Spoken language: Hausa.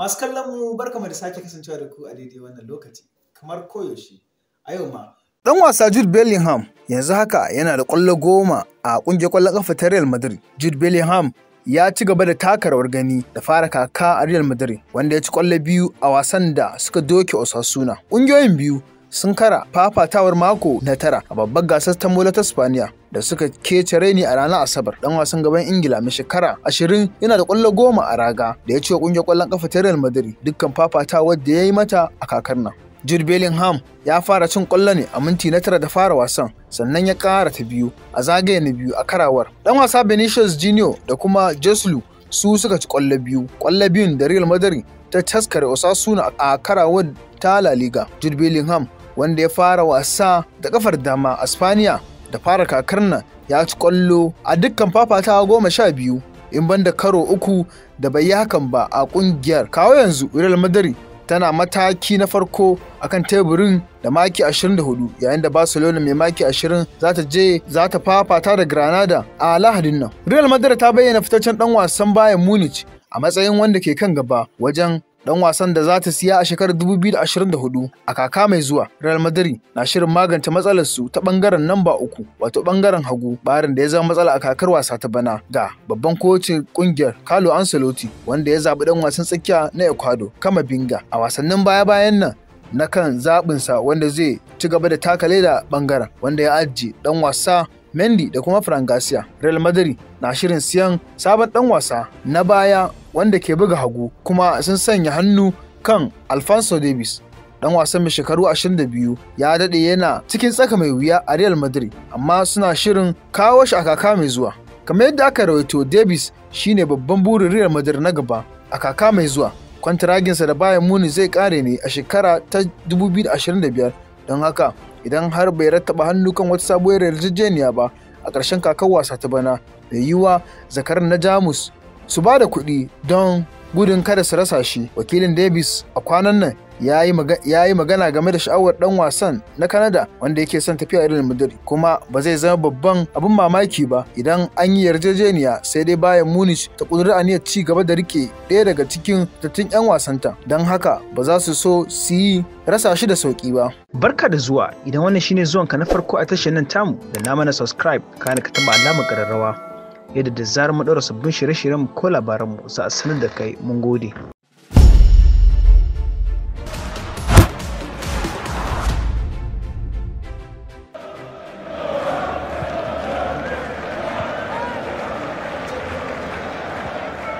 Masu kallon mu kamar da sake kasancewa da ku a daidai wannan lokaci, kamar koyaushe, a yau ma. Ɗan wasa Jude Bellingham yanzu haka yana da ƙwallo goma a ƙungiyar ƙwallon ƙafa ta Real Madrid. Jude Bellingham ya ci gaba da taka rawar gani da fara kaka a Real Madrid wanda ya ci ƙwallo biyu a wasan da suka doke Osasuna. Ƙungiyoyin biyu sun kara fafatawar mako na tara a babbar gasar ta mola ta Spaniya da suka kece raini a ranar Asabar dan wasan gaban Ingila mai shekara ashirin yana da kwallo goma a raga da ya ce kungiyar kwallon kafa ta Real Madrid dukkan fafatawar da ya yi mata a kakar nan. Jude Bellingham ya fara cin kwallo ne a minti na tara da fara wasan sannan ya kara ta biyu a zagaye na biyu a karawar. Dan wasa Benicius Junior da kuma Joslu su suka ci kwallo biyu. Kwallo biyun da Real Madrid ta taskare Osasuna a karawar ta La Liga. Jude Bellingham wanda ya fara wasa da kafar dama a Spaniya da fara kakar nan ya ci kwallo a dukkan fafatawa goma sha biyu in banda karo uku da bai yi hakan ba a kungiyar kawo yanzu Real Madrid tana mataki na farko akan teburin da maki 24 yayin da Barcelona mai maki 20 za ta je za fafata da Granada a Lahadin nan. Real Madrid ta bayyana fitaccen dan wasan Bayern Munich a matsayin wanda ke kan gaba wajen dan wasan da za ta siya a shekarar 2024 a kaka mai zuwa Real Madrid na shirin magance matsalar su ta bangaren namba uku wato bangaren hagu barin da ya zama matsala a kakar wasa ta bana ga babban kocin kungiyar Carlo Ancelotti wanda ya zabi dan wasan tsakiya na Ecuador Kama Binga a wasannin baya-bayan nan na kan zaɓinsa wanda zai ci gaba da taka leda ɓangaren wanda ya ajiye dan wasa Mendy da kuma Fran Garcia. Real Madrid na shirin siyan sabon dan wasa na baya wanda ke buga hagu kuma sun sanya hannu kan Alfonso Davies Dan wasan mai shekaru 22 ya daɗe yana cikin tsaka mai wuya a Real Madrid amma suna shirin kawo shi a kaka mai zuwa. Kamar yadda aka rawaito Davis shine babban burin Real Madrid na gaba a kaka mai zuwa. Kwantaraginsa da Bayern Munich zai kare ne a shekara ta 2025 don haka idan har bai rattaba hannu kan wata sabuwar yarjejeniya ba a ƙarshen kakar wasa ta bana mai yiwuwa zakar na jamus su ba da kuɗi don gudun kada su rasa shi wakilin davis a kwanan nan ya yi magana game da sha'awar dan wasan na Canada wanda yake son tafiya irin Madrid kuma ba zai zama babban abin mamaki ba idan an yi yarjejeniya sai dai bayan Munich ta kudura aniyar ci gaba da rike ɗaya daga cikin tattun 'yan wasanta don haka ba za su so su yi rasa shi da sauki ba. Barka da zuwa idan wannan shine zuwanka na farko a tashar nan tamu da na mana subscribe kana ka taba alamar kararrawa yadda da zarar mu ɗaura sabbin shirye-shiryen ko labaranmu za a sanar da kai mun gode.